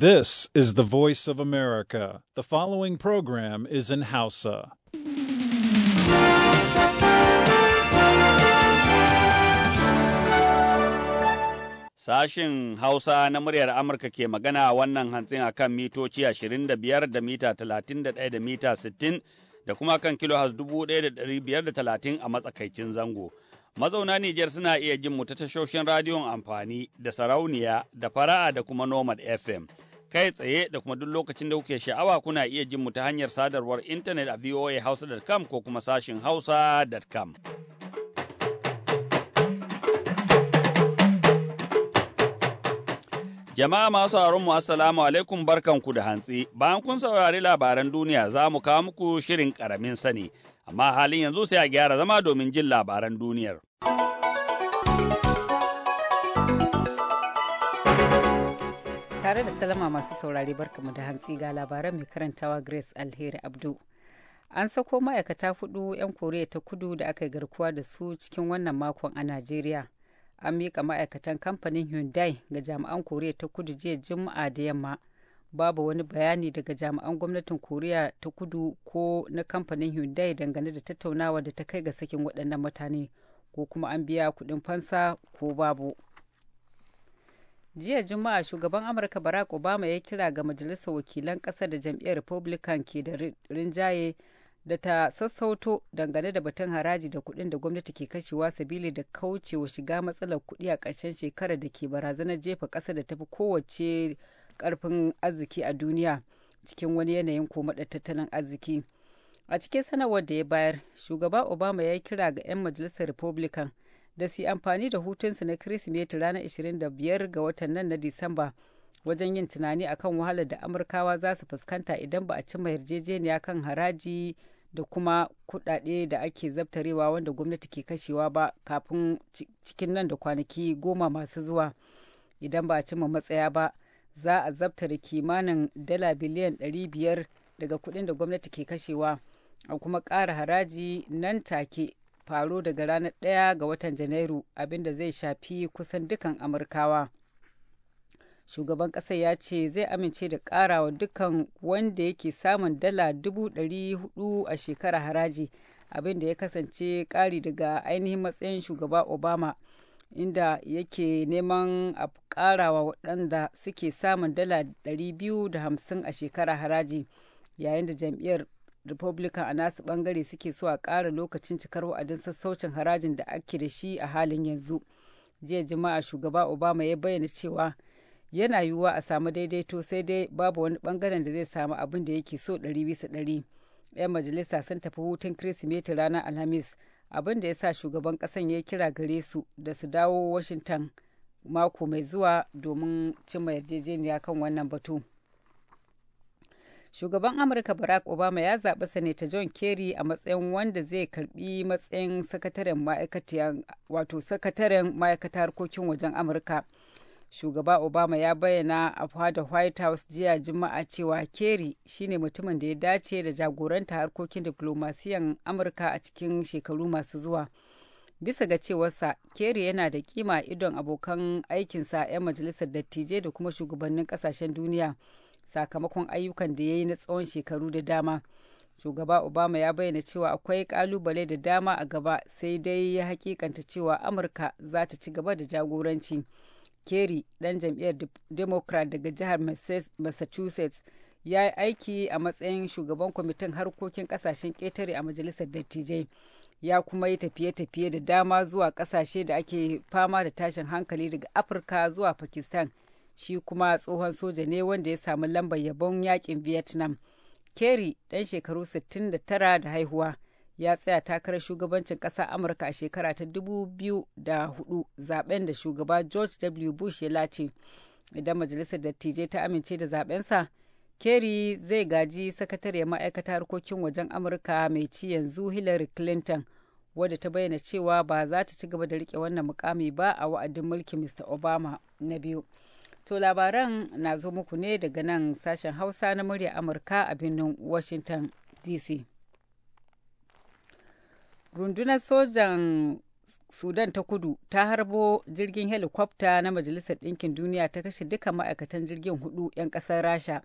This is the voice of America. The following program is in Hausa. Sashin Hausa na muryar Amurka ke magana wannan hantsin akan mitoci 25 da mita 31 da mita 60 da kuma kan kilo 1530 a matsakaicin zango. Mazauna Nijar suna iya jin mu ta tashoshin radiyon amfani da sarauniya da fara'a da kuma Nomad FM. Kai tsaye da kuma duk lokacin da kuke sha'awa kuna iya jin mu ta hanyar sadarwar intanet a voahausa.com ko kuma sashin hausa.com. Jama'a masu sauraron mu assalamu alaikum barkanku da hantsi. Bayan kun saurari labaran duniya za mu kawo muku shirin karamin sani. amma halin yanzu sai a gyara zama domin jin labaran duniyar. Tare da salama masu saurari barkamu da hantsi ga labaran mai karantawa Grace Alheri Abdu. An sako ma'aikata hudu 'yan Koriya ta kudu da aka yi garkuwa da su cikin wannan makon a Najeriya. An miƙa ma'aikatan kamfanin Hyundai ga jami'an Koriya ta kudu jiya Juma'a da yamma. babu wani bayani daga jami'an gwamnatin koriya ta kudu ko na kamfanin hyundai dangane da tattaunawa da ta kai ga sakin waɗannan mutane ko kuma an biya kuɗin fansa ko babu jiya juma'a shugaban amurka barack obama ya kira ga majalisar wakilan ƙasa da jam'iyyar republican ke da rinjaye da ta sassauto dangane da batun haraji da kuɗin da gwamnati ke kashewa sabili da kaucewa shiga matsalar kuɗi a ƙarshen shekarar da ke barazanar jefa ƙasa da tafi kowace karfin arziki a duniya cikin wani yanayin koma da tattalin arziki a cikin sanarwar da ya bayar shugaba obama ya yi kira ga 'yan majalisar republican da su amfani da hutunsu na kirsimeti ranar 25 ga watan nan na disamba wajen yin tunani akan wahalar da amurkawa za su fuskanta idan ba a cimma yarjejeniya kan haraji da kuma kudade da ake zabtarewa wanda gwamnati ke kashewa ba kafin cikin nan da kwanaki goma masu zuwa idan ba a cimma matsaya ba za a zabtare kimanin dala biliyan 500 daga kuɗin da gwamnati ke kashewa a kuma ƙara haraji nan take faro daga ranar 1 ga watan janairu abinda zai shafi kusan dukan amurkawa shugaban ƙasar ya ce zai amince da ƙarawa dukan wanda yake samun dala 400 a shekara haraji abinda ya kasance ƙari daga ainihin matsayin shugaba obama inda yake neman a ƙarawa waɗanda suke samun dala 250 a shekara haraji yayin da jam'iyyar republican a nasu ɓangare suke so a ƙara lokacin cikar wa'adin sassaucin harajin da ake da shi a halin yanzu jiya juma'a shugaba obama ya bayyana cewa yana yiwuwa a samu daidaito sai dai babu wani bangaren da zai samu abin da yake so ɗari bisa ɗari 'yan majalisa sun tafi hutun kirsimeti ranar alhamis abin da ya sa shugaban kasan ya kira gare su da su dawo washington mako mai zuwa domin cimma yarjejeniya kan wannan batu shugaban amurka barack obama ya zaɓi sanata john kerry a matsayin wanda zai karbi matsayin sakataren ma'aikatar harkokin wajen amurka shugaba obama ya bayyana a fada white house jiya juma'a cewa kerry shine mutumin da ya dace da jagoranta harkokin diplomasiyan amurka a cikin shekaru masu zuwa bisa ga cewarsa kerry yana da kima idon abokan aikinsa 'yan majalisar dattijai da kuma shugabannin kasashen duniya sakamakon ayyukan da ya yi na tsawon shekaru da dama shugaba obama ya bayyana cewa akwai kalubale da dama a gaba sai dai ya hakikanta cewa amurka za ta ci gaba da jagoranci. Kerry ɗan jam'iyyar Democrat daga jihar Massachusetts ya yi aiki a matsayin shugaban kwamitin harkokin kasashen ƙetare a majalisar dattijai. Ya kuma yi tafiye-tafiye da dama zuwa ƙasashe da ake fama da tashin hankali daga Afirka zuwa Pakistan. Shi kuma tsohon soja ne wanda ya samu lambar yabon yakin Vietnam. Kerry ɗan shekaru 69 da haihuwa. ya tsaya takarar shugabancin ƙasa amurka a shekara ta 2004 zaben da shugaba george w bush ya lace idan majalisar dattijai ta amince da zabensa kerry zai gaji sakatariyar ma'aikata harkokin wajen amurka mai ci yanzu hillary clinton wadda ta bayyana cewa ba za ta ci gaba da rike wannan mukami ba a wa'adin mulkin mr obama na biyu to labaran na zo muku ne daga nan sashen hausa na murya amurka a birnin washington dc rundunar sojan sudan ta kudu ta harbo jirgin helikwafta na majalisar ɗinkin duniya ta kashe duka ma'aikatan jirgin hudu 'yan ƙasar rasha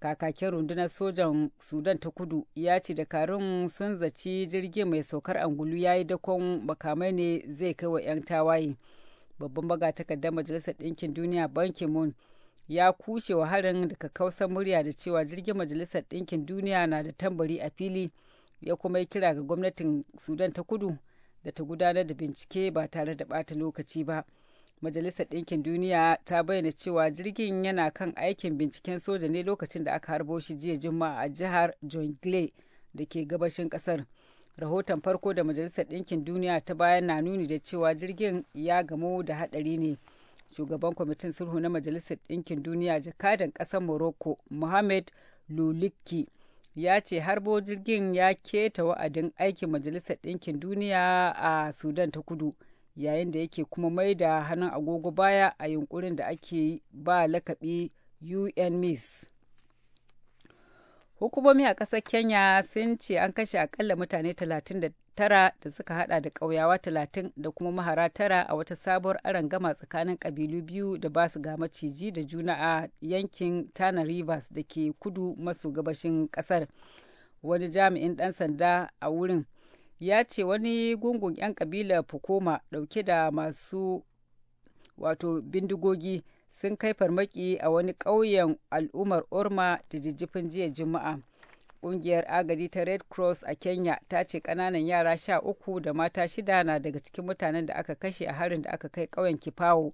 kakakin rundunar sojan sudan ta kudu ya ce dakarun sun zaci jirgin mai saukar angulu ya yi dakon makamai ne zai kai wa 'yan tawaye babban baga takardar majalisar ɗinkin duniya banki moon ya kushe wa harin daga kausar murya da cewa jirgin majalisar ɗinkin duniya na da tambari a fili ya kuma yi kira ga gwamnatin sudan ta kudu da ta gudanar da bincike ba tare da bata lokaci ba majalisar ɗinkin duniya ta bayyana cewa jirgin yana kan aikin binciken soja ne lokacin da aka harbo shi jiya juma'a a jihar jongle da ke gabashin ƙasar rahoton farko da majalisar ɗinkin duniya ta bayan na nuni da cewa jirgin ya gamu da haɗari ne shugaban kwamitin sulhu na majalisar ɗinkin duniya jakadan ƙasar morocco mohamed lulikki ya ce harbo jirgin ya keta wa'adin aikin majalisar ɗinkin duniya a sudan ta kudu yayin da yake kuma mai da hannun agogo baya a yunkurin da ake ba lakabi un miss Hukumomi a ƙasar Kenya sun ce an kashe akalla mutane 39 da suka hada da ƙauyawa 30 da kuma mahara tara a wata sabuwar gama tsakanin ƙabilu biyu da ba su ga maciji da juna a yankin Tana Rivers da ke kudu maso gabashin ƙasar. Wani jami'in ɗan sanda a wurin ya ce wani gungun 'yan ƙabilar Fukoma ɗauke da masu wato bindigogi sun kai farmaki a wani ƙauyen al'ummar Orma da jijjifin jiya Juma'a. Ƙungiyar agaji ta Red Cross a Kenya ta ce ƙananan yara sha uku da mata shida na daga cikin mutanen da aka kashe a harin da aka kai ƙauyen kifawo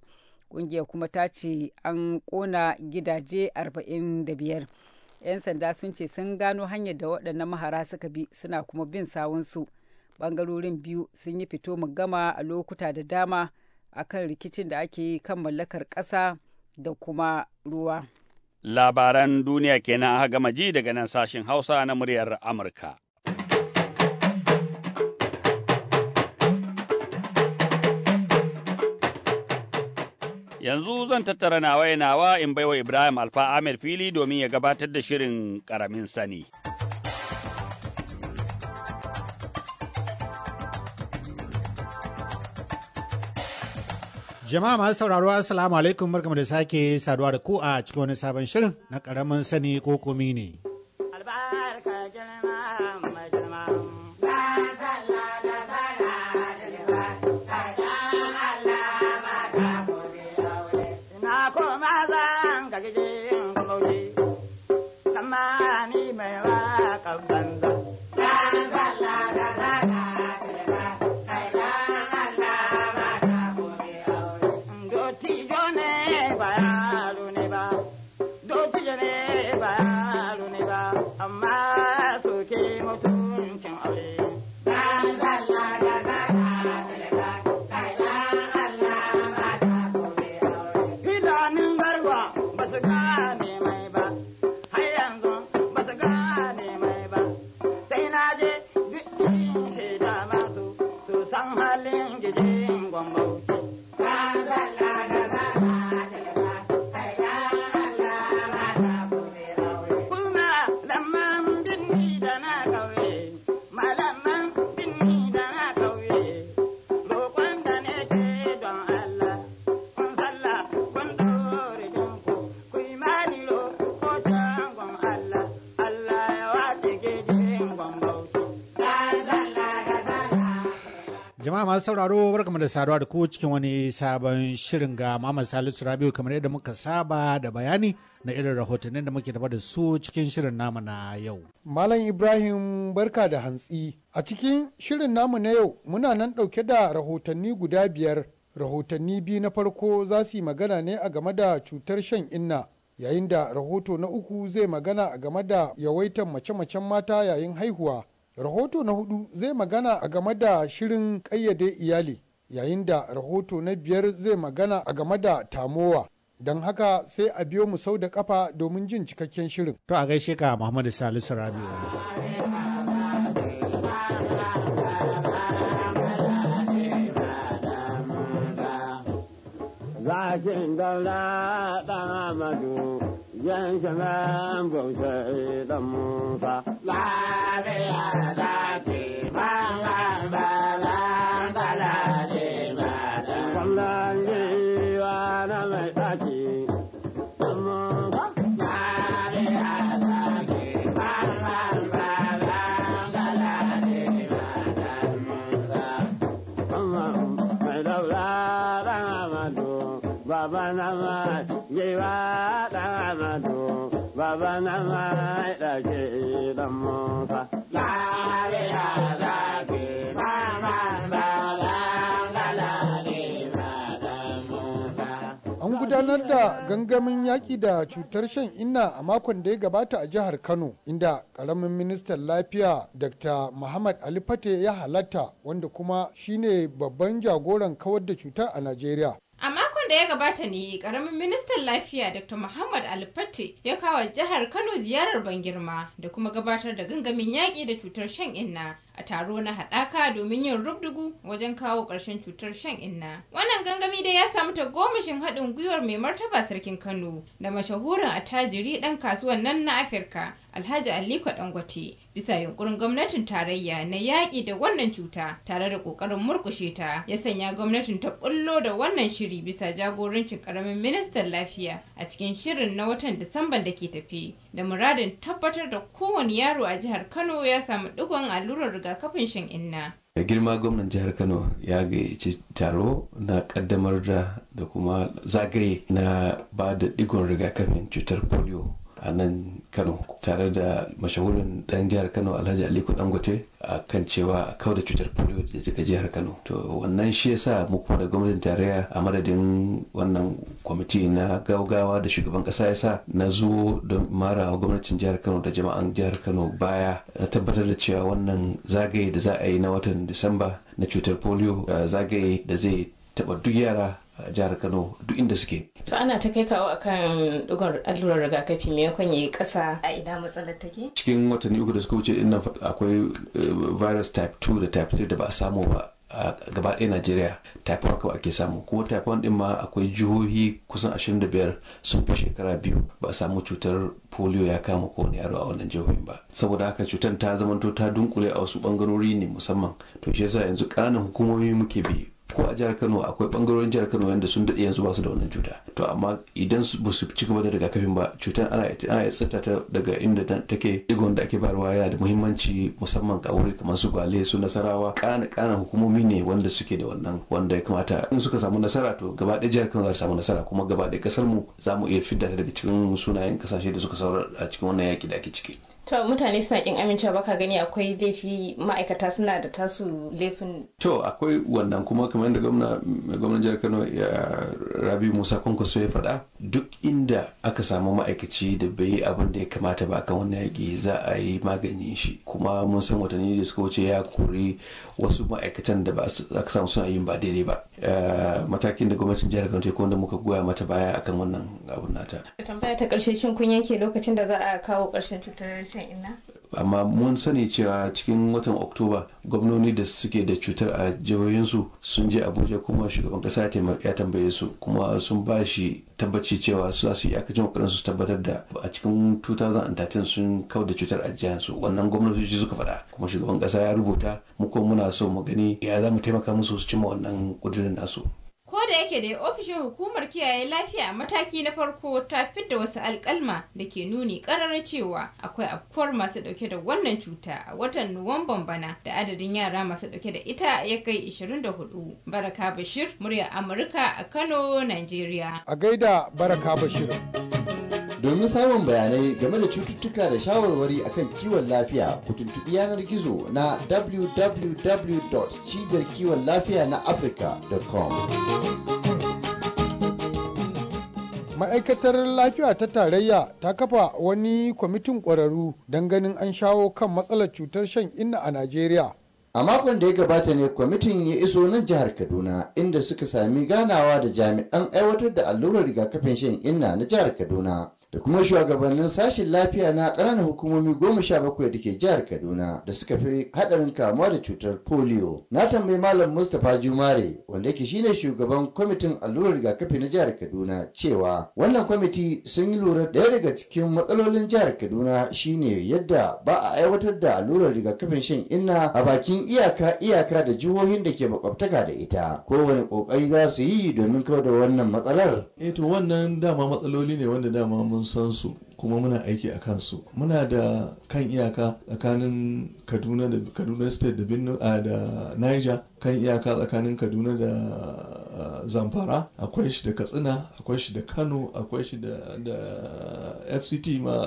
Ƙungiyar kuma ta ce an ƙona gidaje arba'in da biyar 'Yan sanda sun ce sun gano hanyar da waɗannan mahara suka bi suna kuma bin sawunsu. Ɓangarorin biyu sun yi fito mu gama a lokuta da dama akan rikicin da ake yi kan mallakar ƙasa da kuma ruwa. Labaran duniya kenan aka gama ji daga nan sashen Hausa na muryar Amurka. Yanzu zan tattara nawa nawa in baiwa Ibrahim Alfa Ahmed fili domin ya gabatar da shirin ƙaramin sani. Jama'a masu sauraro Assalamu alaikum barkamu da sake saduwa da ku a cikin wani sabon shirin na karamin sani ko komi ne. masu sauraro barkamu da saduwa da ku cikin wani sabon shirin ga Muhammad Salisu Rabiu kamar yadda muka saba da bayani na irin rahotannin da muke tafa da su cikin shirin namu na yau. Malam Ibrahim barka da hantsi. A cikin shirin namu na yau muna nan ɗauke da rahotanni guda biyar. Rahotanni biyu na farko za su yi magana ne a game da cutar shan inna. Yayin da rahoto na uku zai magana a game da yawaitan mace-macen mata yayin haihuwa. rahoto na hudu zai magana a game da shirin ƙayyade iyali yayin da rahoto na biyar zai magana a game da tamowa don haka sai a biyo mu sau da kafa domin jin cikakken shirin to a gaishe ka muhammadu salisu rabi'u zakin daura ɗan amadu yan shagan bauta da musa. Lafiya da bangan na mai ɗaki. Baba ma, da baba na mai ɗauke don musa. zafi musa. An gudanar da gangamin yaƙi da cutar shan inna a makon da ya gabata a jihar Kano, inda ƙaramin ministan lafiya Dr. Muhammad Ali Fate ya halatta wanda kuma shine babban jagoran kawar da cutar a Najeriya. da ya gabata ne karamin ministan lafiya Dr. Muhammad Alfatte ya kawo jihar Kano ziyarar ban girma da kuma gabatar da gangamin yaƙi da cutar shan inna a taro na haɗaka domin yin rubdugu wajen kawo ƙarshen cutar shan inna. Wannan gangami dai ya samu ta tagomashin haɗin gwiwar mai martaba sarkin Kano da mashahurin attajiri ɗan kasuwar nan na Afirka Alhaji Aliko Dangote bisa yunkurin gwamnatin tarayya na yaƙi da wannan cuta tare da ƙoƙarin murƙushe ta ya sanya gwamnatin ta ɓullo da wannan shiri bisa jagorancin ƙaramin ministan lafiya a cikin shirin na watan Disamban da ke tafi da muradin tabbatar da kowane yaro a jihar Kano ya samu ɗigon allurar rigakafin shan inna. da girma gwamnan jihar kano ya gayyaci taro na kaddamar da da kuma zagaye na ba da digon rigakafin cutar polio a nan kano tare da mashahurin dan jihar kano alhaji aliko dangote a kan cewa kawo da cutar polio da daga jihar kano to wannan shi yasa mu kuma da gwamnatin tarayya a madadin wannan kwamiti na gaugawa da shugaban kasa sa na zo don mara gwamnatin jihar kano da jama'an jihar kano baya na tabbatar da cewa wannan zagaye da za a yi na watan disamba na cutar polio zagaye da zai taɓa duk yara jihar kano duk inda suke to ana ta kai kawo akan dugar allurar rigakafi me yakon yi kasa a ina matsalar take cikin watanni uku da suka wuce ina akwai eh, virus type 2 da type 3 da ba a samu ba a gaba ɗaya najeriya type 1 kawai ake samu ko type 1 din ma akwai jihohi kusan 25 sun fi shekara biyu ba a samu cutar polio ya kama kowane yaro a wannan jihohin ba saboda haka cutar ta zamanto ta dunkule a wasu bangarori ne musamman to shi yasa yanzu ƙananan hukumomi muke bi ko a jihar kano akwai bangarorin jihar kano wanda sun daɗe yanzu basu da wannan cuta to amma idan ba su ci gaba da rigakafin ba cutar ana ana tsirta ta daga inda take digon da ake bayarwa yana da muhimmanci musamman ga wuri kamar su gwale su nasarawa kana kana hukumomi ne wanda suke da wannan wanda ya kamata in suka samu nasara to gaba ɗaya jihar kano za samu nasara kuma gaba ɗaya kasar mu za mu iya fidda ta daga cikin sunayen kasashe da suka saura a cikin wannan yaƙi da ake ciki to mutane suna kin amincewa baka gani akwai laifi ma'aikata suna da tasu laifin to akwai wannan kuma kamar yadda gwamnan jihar kano ya rabi musa kwankwaso ya faɗa duk inda aka samu ma'aikaci da bai abin da ya kamata ba kan wannan yaƙi za a yi magani shi kuma mun san watanni da suka wuce ya kori wasu ma'aikatan da ba aka samu suna yin ba daidai ba Eh, matakin da gwamnatin jihar Kano ta wanda muka goya mata baya akan wannan abun nata. Tambaya ta karshe shin kun yanke lokacin da za a kawo karshen cutar shan inna? amma mun sani cewa cikin watan oktoba gwamnoni da suke da cutar a jihohinsu sun je abuja kuma shugaban kasa ya tambaye su kuma sun ba shi tabbaci cewa su za su yi akacin kokarin su tabbatar da a cikin 2013 sun kawo da cutar a jihansu wannan gwamnatoci suka faɗa kuma shugaban kasa ya rubuta mu muna so mu gani ya za mu taimaka musu su cimma wannan kudirin nasu da yake dai ofishin hukumar kiyaye lafiya mataki na farko ta fidda wasu alkalma da ke nuni karar cewa akwai afkuwar masu dauke da wannan cuta a watan Nuwamban bana da adadin yara masu dauke da ita ya kai 24. Baraka Bashir, murya Amurka a Kano, Nigeria. A gaida Baraka Bashir. domin samun bayanai game da cututtuka da shawarwari akan kiwon lafiya ku tuntubi yanar gizo na www.cibiyar na africa.com ma'aikatar lafiya ta tarayya ta kafa wani kwamitin ƙwararru don ganin an shawo kan matsalar cutar shan inna a najeriya a makon da ya gabata ne kwamitin ya iso nan jihar kaduna inda suka sami ganawa da jami'an aiwatar da allurar rigakafin shan inna na jihar kaduna da kuma shugabannin sashen lafiya na ƙananan hukumomi goma sha bakwai da ke jihar kaduna da suka fi haɗarin kamuwa da cutar polio na tambayi malam mustapha jumare wanda yake shine shugaban kwamitin allurar rigakafi na jihar kaduna cewa wannan kwamiti sun yi lura ɗaya daga cikin matsalolin jihar kaduna shine yadda ba a aiwatar da allurar rigakafin shan inna a bakin iyaka iyaka da jihohin da ke makwabtaka da ita kowane ƙoƙari za su yi domin kawar da wannan matsalar. eh to wannan dama matsaloli ne wanda dama mun mun san su kuma muna aiki a kansu muna da kan iyaka tsakanin kaduna da kaduna state da da niger kan iyaka tsakanin kaduna da zamfara akwai shi da katsina akwai shi da kano akwai shi da fct ma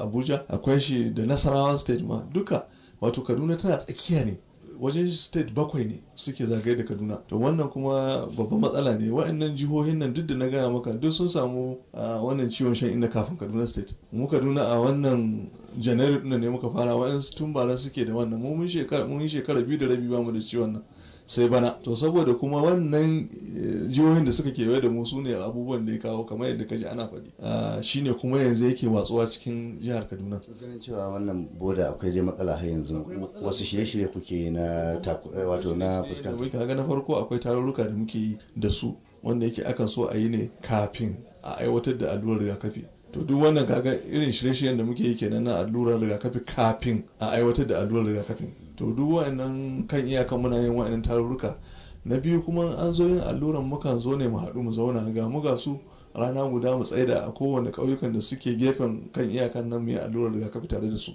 abuja akwai shi da nasarawa state ma duka wato kaduna tana tsakiya ne wajen state bakwai ne suke zagaye da kaduna to wannan kuma babban matsala ne wa'annan jihohin nan duk da na gaya maka duk sun samu a wannan ciwon shan inda kafin kaduna state mu kaduna a wannan janairu ɗin ne muka fara wa'ansu tun bara suke da wannan mu mun shekara biyu da rabi ba mu da ciwon nan sai bana to saboda kuma wannan eh, jihohin da suka kewaye da mu su ne abubuwan da ya kawo kamar yadda kaji ana faɗi ah, shine kuma yanzu yake watsuwa cikin jihar kaduna ganin cewa wannan boda akwai dai matsala har yanzu wasu shirye-shirye kuke na eh, wato na fuskanta kaga na farko akwai tarurruka da muke yi da su wanda yake akan so a yi ne kafin a aiwatar da allurar rigakafi to duk wannan kaga irin shirye-shiryen da muke yi kenan na allurar rigakafi kafin a aiwatar da allurar rigakafin to duk wa'annan kan iyaka muna yin wa'annan tarurruka na biyu kuma an zo yin alluran mukan zo ne mu haɗu mu zauna ga mu ga su rana guda mu tsaida a kowane ƙauyukan da suke gefen kan iyakan nan mu yi allurar rigakafi tare da su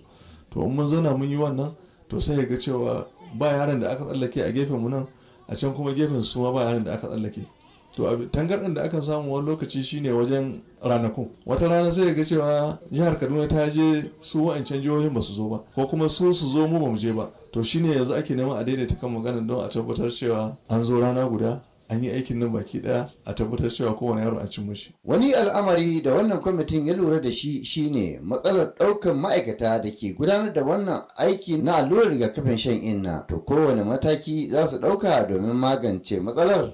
to in mun zauna mun yi wannan to sai ga cewa ba yaran da aka tsallake a gefen mu nan a can kuma gefen su ma ba yaran da aka tsallake to tangarɗin da akan samu wani lokaci shine wajen ranakun wata rana sai ga cewa jihar kaduna ta je su wa'ancan jihohin ba su zo ba ko kuma su su zo mu ba mu je ba to shine yanzu ake neman a daidaita kan maganar don a tabbatar cewa an zo rana guda an yi aikin nan baki daya a tabbatar cewa kowane yaro an cin mushi. Wani al'amari da wannan kwamitin ya lura da shi shine matsalar ɗaukan ma'aikata da ke gudanar da wannan aiki na allurar rigakafin shan inna to kowane mataki za su ɗauka domin magance matsalar.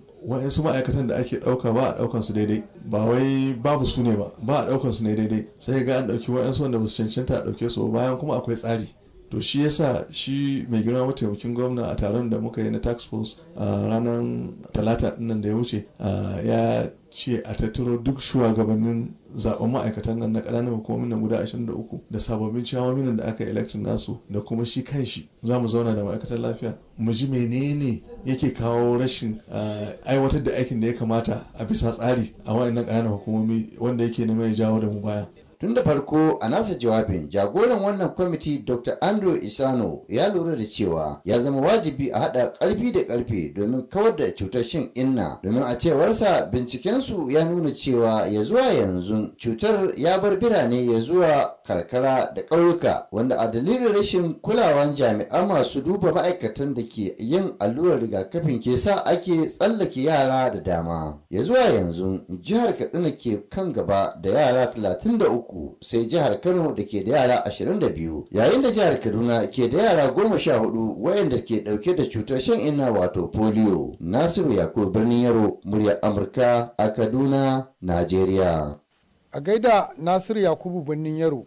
su ma'aikatan da ake ɗauka ba a ɗaukan su daidai ba wai babu su ne ba ba a ɗaukan su ne daidai sai ga an ɗauki wa'yansu wanda ba su cancanta a ɗauke su bayan kuma akwai tsari. to shi yasa shi mai girma mataimakin gwamna a taron da muka yi na tax force a ranar talata dinnan da ya wuce ya ce a tattaro duk shugabannin zaben ma'aikatan nan na ƙananan hukumomin nan guda 23 da sababbin ciyawomin nan da aka election nasu da kuma shi shi za mu zauna da ma'aikatan lafiya mu ji menene yake kawo rashin aiwatar da aikin da ya kamata a bisa tsari a wa'annan ƙananan hukumomi wanda yake neman ya jawo da mu baya Tun da farko a nasa jawabin jagoran wannan kwamiti Dr. Andrew Isano ya lura da cewa ya zama wajibi a haɗa karfi da karfe domin kawar da cutar shin inna domin a cewarsa bincikensu ya nuna cewa ya zuwa yanzu cutar ya bar birane ya zuwa karkara da ƙauyuka wanda a dalilin rashin kulawan jami'an masu duba ma'aikatan da ke yin allurar rigakafin ke sa ake tsallake yara da dama. Ya zuwa yanzu jihar Katsina ke kan gaba da yara 33 uku sai jihar Kano da ke da yara ashirin da biyu yayin da jihar Kaduna ke da yara goma sha hudu wayanda ke dauke da cutar shan inna wato polio. Nasiru Yakubu birnin Yaro murya Amurka a Kaduna, Najeriya. A gaida Nasiru Yakubu birnin Yaro.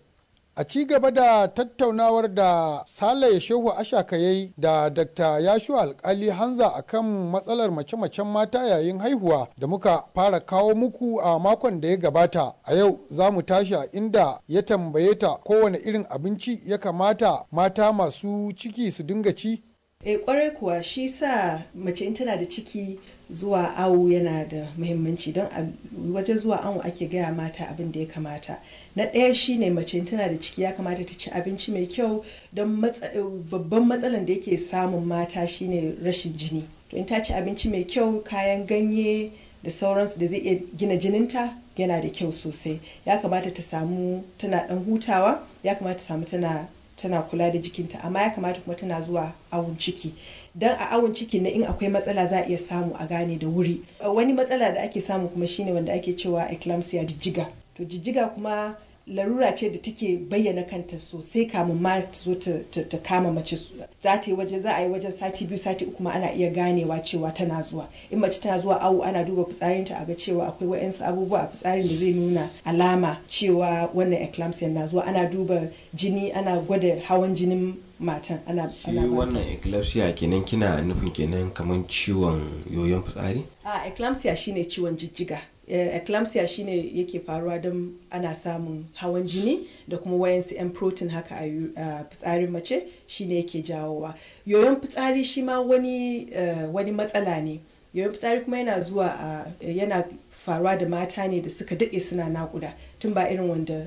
a ci gaba da tattaunawar da sale shehu ashaka yayi da dr yashu alkali hanza a kan matsalar mace-macen mata yayin haihuwa da muka fara kawo muku a makon da ya gabata a yau za mu tashi a inda ya tambaye ta kowane irin abinci ya kamata mata masu ciki su dinga ci Eh kwarai kuwa shi sa mace in tana da ciki zuwa awo yana da muhimmanci don a wajen zuwa awo ake gaya mata abin da ya kamata. Na ɗaya shi ne mace in tana da ciki ya kamata ta ci abinci mai kyau don eh, babban matsalan da yake samun mata shi ne rashin jini. To in ta ci abinci mai kyau, kayan ganye da sauransu da zai iya gina jininta yana da kyau sosai. Ya kamata ta samu tana ɗan hutawa, ya kamata ta samu tana tana kula da jikinta amma ya kamata kuma tana zuwa awon ciki dan a awon ciki na in akwai matsala za a iya samu a gane da wuri wani matsala da ake samu kuma shine wanda ake cewa eclampsia jijjiga to jijjiga kuma larura ce da take bayyana kanta sosai kamun ma ta zo ta kama mace za ta yi waje za a yi wajen sati biyu sati uku ma ana iya ganewa cewa tana zuwa in mace tana zuwa awu ana duba fitsarinta a ga cewa akwai wa'yansu abubuwa a fitsarin da zai nuna alama cewa wannan eclampsia na zuwa ana duba jini ana gwada hawan jinin matan ana shi wannan eclampsia kenan kina nufin kenan kamar ciwon yoyon fitsari a eclampsia shine ciwon jijjiga Eh, eclampsia shine yake faruwa don ana samun hawan jini da kuma wayansu 'yan protein haka a fitsarin mace shine yake jawowa yoyon fitsari shi ma wani eh, matsala ne yoyon fitsari kuma yana zuwa a eh, yana faruwa da mata ne da suka daɗe suna naƙuda tun ba irin wanda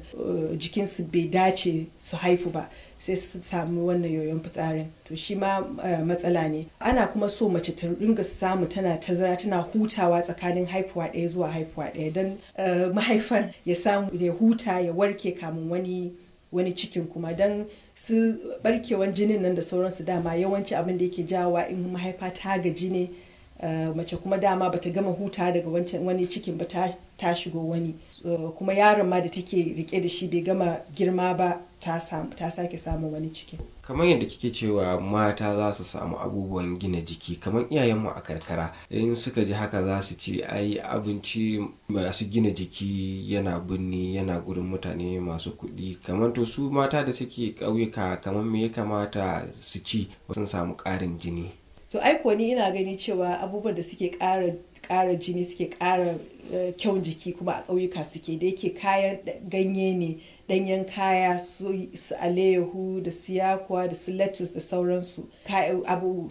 jikinsu bai dace su haifu ba sai su samu wannan yoyon fitsarin to shi ma eh, matsala ne ana kuma so mace ta ringa samu tana tazara tana hutawa tsakanin haifuwa ɗaya zuwa haifuwa ɗaya don eh, mahaifan ya samu ya huta ya warke kamun wani wani cikin kuma don su barkewan jinin nan da sauransu dama yawanci abin da yake jawa in mahaifa ta gaji ne Eh, mace kuma dama bata gama huta daga wancan wani cikin ba ta shigo wani eh, kuma yaron ma da take rike da shi bai gama girma ba ta sake samun wani cikin kamar yadda kike cewa mata za su samu abubuwan gina jiki kamar iyayenmu a karkara in suka ji haka za su ce ai abinci masu gina jiki yana birni yana gurin mutane masu kuɗi kamar to su mata da suke ƙauyuka kamar me ya kamata su ci sun samu ƙarin jini to aiko ni ina gani cewa abubuwan da suke ƙara jini suke ƙara eh, kyau jiki kuma a ƙauyuka suke da yake kayan ganye ne ɗanyen kaya su alayyahu da su yakuwa da su lettuce da sauransu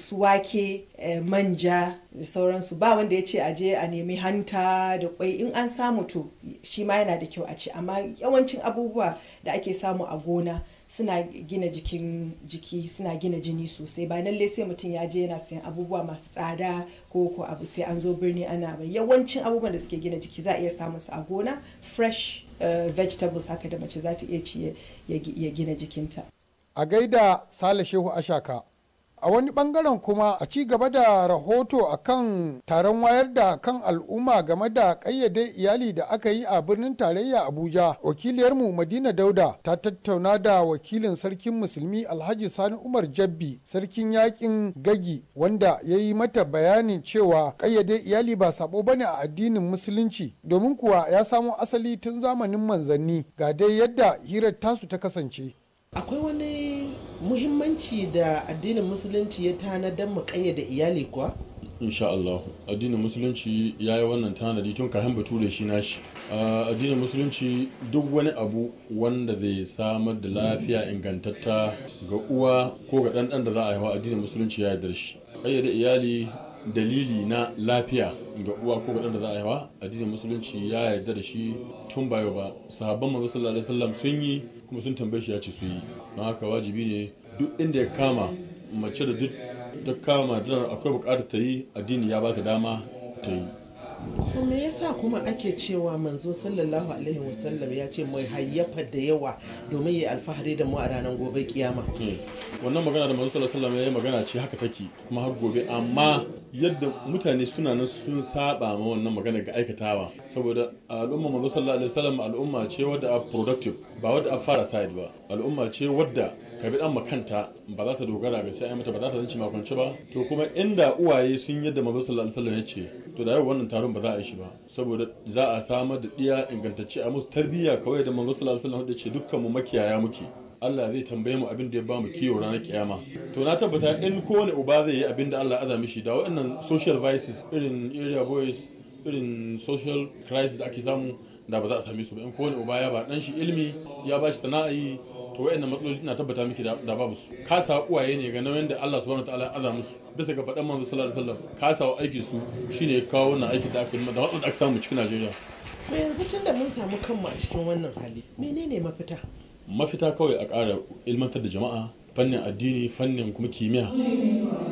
su wake eh, manja da sauransu ba wanda ya ce a je a nemi hanta da kwai in an samu to shi ma yana da kyau a ci amma yawancin abubuwa da ake samu a gona suna gina jikin jiki suna gina jini sosai ba lallai sai mutum ya je yana sayan abubuwa masu tsada ko ko abu sai an zo birni ana ba yawancin abubuwan da suke gina jiki za a iya samun su a gona fresh eh, vegetables haka da mace za ta iya ci ya gina jikinta a gaida sale shehu ashaka a wani bangaren kuma a ci gaba da rahoto a kan taron wayar da kan al'umma game da ƙayyade iyali da aka yi a birnin tarayya abuja wakiliyarmu madina dauda ta tattauna da wakilin sarkin musulmi alhaji sani umar jabbi sarkin yakin gagi wanda ya yi mata bayanin cewa ƙayyade iyali ba sabo bane a addinin musulunci domin kuwa ya samo asali tun zamanin manzanni ga dai yadda hirar tasu ta kasance akwai wani muhimmanci da addinin musulunci ya tanadar mu da iyali kuwa insha Allah addinin musulunci ya yi wannan tanadi tun kayan bature shi nashi addinin musulunci duk wani abu wanda zai samar da lafiya ingantatta ga uwa ko ga ɗanɗan da za a haihuwa addinin musulunci ya yarda shi ƙayyade iyali dalili na lafiya ga uwa ko da za a haifa addinin musulunci ya yarda da shi tun bayo ba sahabban manzo sallallahu alaihi wasallam sun yi kuma sun tambaye shi ya ce su yi don haka wajibi ne duk inda ya kama mace da duk da kama da akwai bukatar ta yi addini ya ba ta dama ta yi to me yasa kuma ake cewa manzo sallallahu alaihi wasallam ya ce mai hayyafa da yawa domin ya alfahari da mu a ranar gobe kiyama hmm. wannan magana da manzo sallallahu alaihi wasallam ya magana ce haka take kuma har gobe amma yadda mutane suna nan sun saba ma wannan magana ga aikatawa saboda al'umma manzo sallallahu alaihi wasallam al'umma ce wadda a productive ba wadda a fara side ba al'umma ce wadda ka bi dan makanta ba za ta dogara ga sai mata ba za ta zanci makonci ba to kuma inda uwaye sun yadda manzo sallallahu alaihi wasallam ya ce to da yau wannan taron ba za a yi shi ba saboda za a samar da ɗiya ingantacce a musu tarbiyya kawai da manzo sallallahu alaihi wasallam ce dukkan mu makiyaya muke Allah zai tambaye mu abin da ya bamu kiyo ranar kiyama to na tabbata in kowane uba zai yi abin da Allah azami shi da waɗannan social vices irin area boys irin social crisis da ake samu da ba za a same su ba in kowane uba ya ba dan shi ilimi ya ba shi sana'a'i to wayannan matsaloli ina tabbata miki da babu su kasa uwaye ne ga nauyin da Allah subhanahu wataala ya azama musu bisa ga faɗan manzo sallallahu alaihi wasallam kasa wa aiki su shine ya kawo wannan aiki da aka yi da matsalolin da aka samu cikin Najeriya me yanzu tunda mun samu kanmu a cikin wannan hali menene mafita mafita kawai a ƙara ilmantar da jama'a fannin addini fannin kuma kimiyya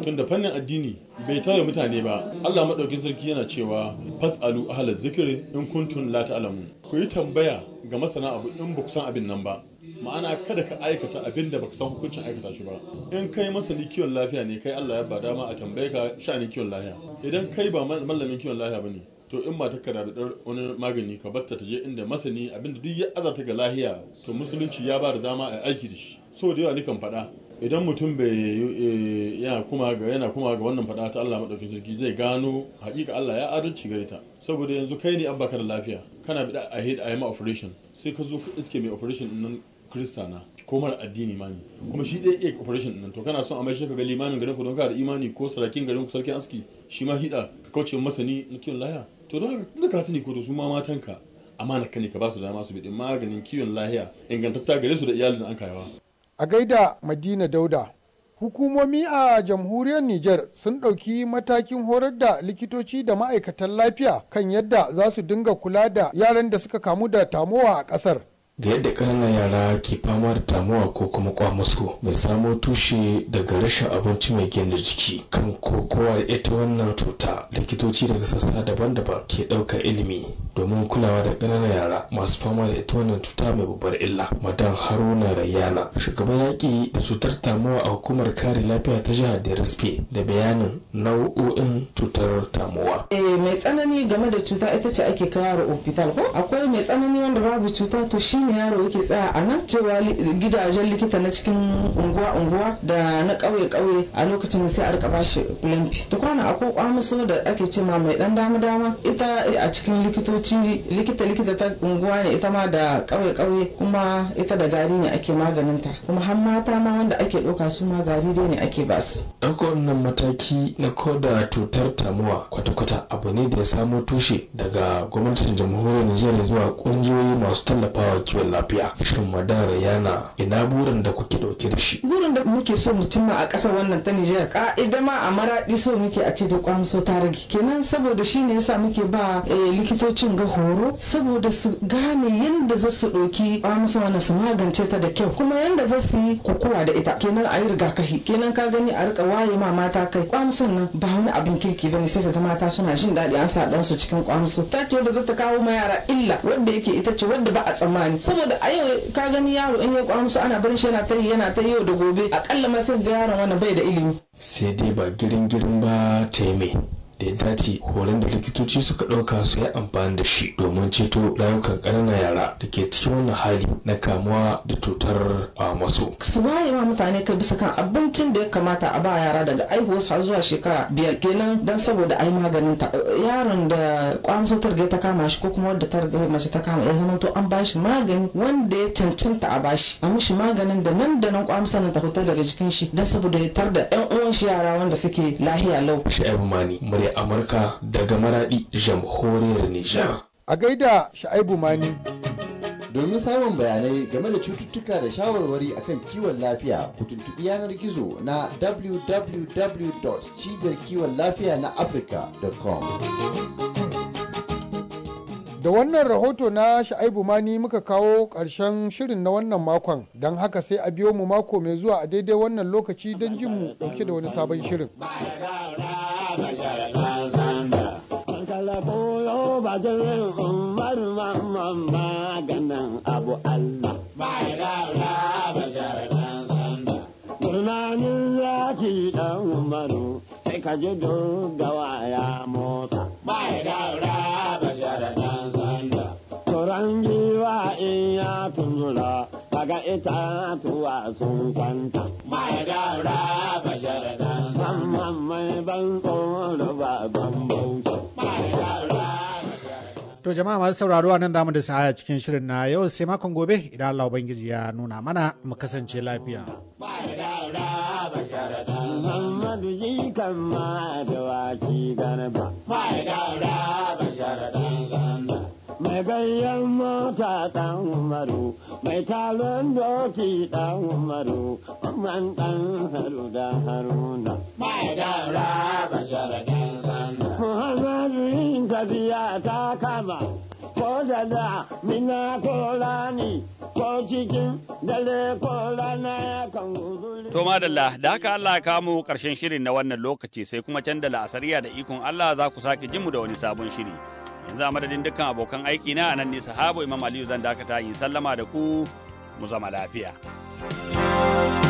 tunda fannin addini bai tare mutane ba Allah madaukin sarki yana cewa fasalu ahalar zikri in kuntum la ta'lamun ku yi tambaya ga masana abu in ba ku san abin nan ba ma'ana kada ka aikata abin da baka san hukuncin aikata shi ba in kai masani kiwon lafiya ne kai Allah ya ba dama a tambaye ka sha'anin kiwon lafiya idan kai ba mallamin kiwon lafiya bane to in matar ka da wani magani ka batta ta je inda masani abin da duk ya azata ga lahiya to musulunci ya ba da dama a aiki da shi so da yawa kan faɗa idan mutum bai eh, yana kuma ga wannan fada ta Allah maɗaukin sarki zai gano hakika Allah ya adalci gare ta saboda yanzu kai ne abba da lafiya kana bi a head a yi operation sai ka zo iske mai operation nan krista na ko mara addini ma ne kuma shi ɗaya iya operation nan to kana son a shi ka ga limanin garin ku don ka da imani ko sarakin garin ku sarkin aski shi ma hida ka kauce masani na kiwon lahiya to don haka ka sani ko to su ma matanka amana ka ne ka ba su dama su bi maganin kiwon lahiya ingantatta gare su da iyalin an kayawa a gaida madina dauda hukumomi a jamhuriyar niger sun ɗauki matakin horar da likitoci da ma'aikatan lafiya kan yadda za su dinga kula da yaran da suka kamu da tamowa a ƙasar da yadda ƙananan yara ke fama da tamuwa ko kuma musu mai samo tushe daga rashin abinci mai gina jiki kan kokowa da ita wannan cuta likitoci daga sassa daban-daban ke ɗaukar ilimi domin kulawa da ƙananan yara masu fama da ita wannan cuta mai babbar illa madan haruna rayyana shugaban yaƙi da cutar tamuwa a hukumar kare lafiya ta jihar da da bayanin nau'o'in cutar tamuwa. Eh, mai tsanani game da cuta ita ce ake kawo ofital ko akwai mai tsanani wanda babu cuta to shine ne yaro yake tsaya a nan cewa gidajen likita na cikin unguwa-unguwa da na ƙauye-ƙauye a lokacin sai a rika bashi lamfi to kwana akwai musu da ake ce ma mai dan dama-dama ita a cikin likitoci likita-likita ta unguwa ne ita ma da ƙauye-ƙauye kuma ita da gari ne ake maganinta kuma har mata ma wanda ake ɗauka su ma gari dai ne ake basu. ɗauka wannan mataki na koda cutar tamuwa kwata-kwata abu ne da ya samo tushe daga gwamnatin jamhuriyar Nijar zuwa ƙungiyoyi masu tallafawa kiwon lafiya shin madara yana ina burin da kuke dauke da shi burin da muke so mu mutum a ƙasa wannan ta Nijar ka'ida ma a maraɗi so muke a ce da so ta rage kenan saboda shi ne yasa muke ba eh, likitocin ga horo saboda su gane yadda za su ba musu wannan su magance ta da kyau kuma yadda za su yi kokowa da ita kenan a yi rigakafi kenan ka gani a rika waye ma mata kai kwamson nan ba wani abin kirki bane sai ka ga mata suna jin daɗi an sa su cikin kwamso ta ce da za ta kawo ma yara illa wanda yake ita ce wanda ba a tsammani saboda a yau ka gani yaro in ya kwamsu ana barin shi yana ta yana ta yau da gobe akalla ma sai ga yaron wannan bai da ilimi sai dai ba girin girin ba ta da ya dace horon da likitoci suka ɗauka su ya amfani da shi domin ceto rayukan ƙananan yara da ke cikin wannan hali na kamuwa da cutar maso. su waye ma mutane kai bisa kan abincin da ya kamata a ba yara daga aihuwa har zuwa shekara biyar kenan dan saboda ai maganin ta yaron da kwamso targa ta kama shi ko kuma wadda targe mace ta kama ya zama to an bashi magani wanda ya cancanta a ba shi a mishi maganin da nan da nan kwamsa nan ta fita daga jikin shi dan saboda ya tar da yan uwan shi yara wanda suke lahiya lau. shi Shi'abu Mani, murya Amurka daga Maradi, Jamhuriyar Nijar. A gaida Sha'aibu Mani. Domin samun bayanai game da cututtuka da shawarwari akan kiwon lafiya, ku tuntuɓi yanar gizo na www.cibiyar kiwon lafiya na afirka.com. Da wannan rahoto na sha'aibu mani muka kawo ƙarshen shirin na wannan makon don haka sai a biyo mu mako mai zuwa a daidai wannan lokaci don jin mu ɗauke da wani sabon shirin. Almajirin Umar Mamman maganin abu Allah. Bai daura ba jaragen sanda. Turnanin zaki dan Umaru sai ka ji dogawa ya motsa. Bai daura ba jaragen sanda. Turan giwa in ya tunura daga itatuwa sun kwanta. Bai daura ba jaragen sanda. Mamman mai ban tsoro ba ban bauta. To jama'a masu sauraro a nan zamu da sahaya cikin shirin na yau sai makon gobe idan Allah Ubangiji ya nuna mana mu kasance lafiya. Muhammadu mai bayan mota ɗan umaru mai talon doki ɗan umaru man ɗan haru da haruna mai dara ba sharaɗin sanna muhammadu yin tafiya ta kama ko da da mina ko ko cikin dare ko ya kan To madalla da haka Allah ya kamo karshen shirin na wannan lokaci sai kuma can da la'asariya da ikon Allah za ku sake jinmu da wani sabon shiri. yanzu a madadin dukkan abokan aiki na nan ne sahabo imam aliyu zan dakata in sallama da ku mu zama lafiya. thank you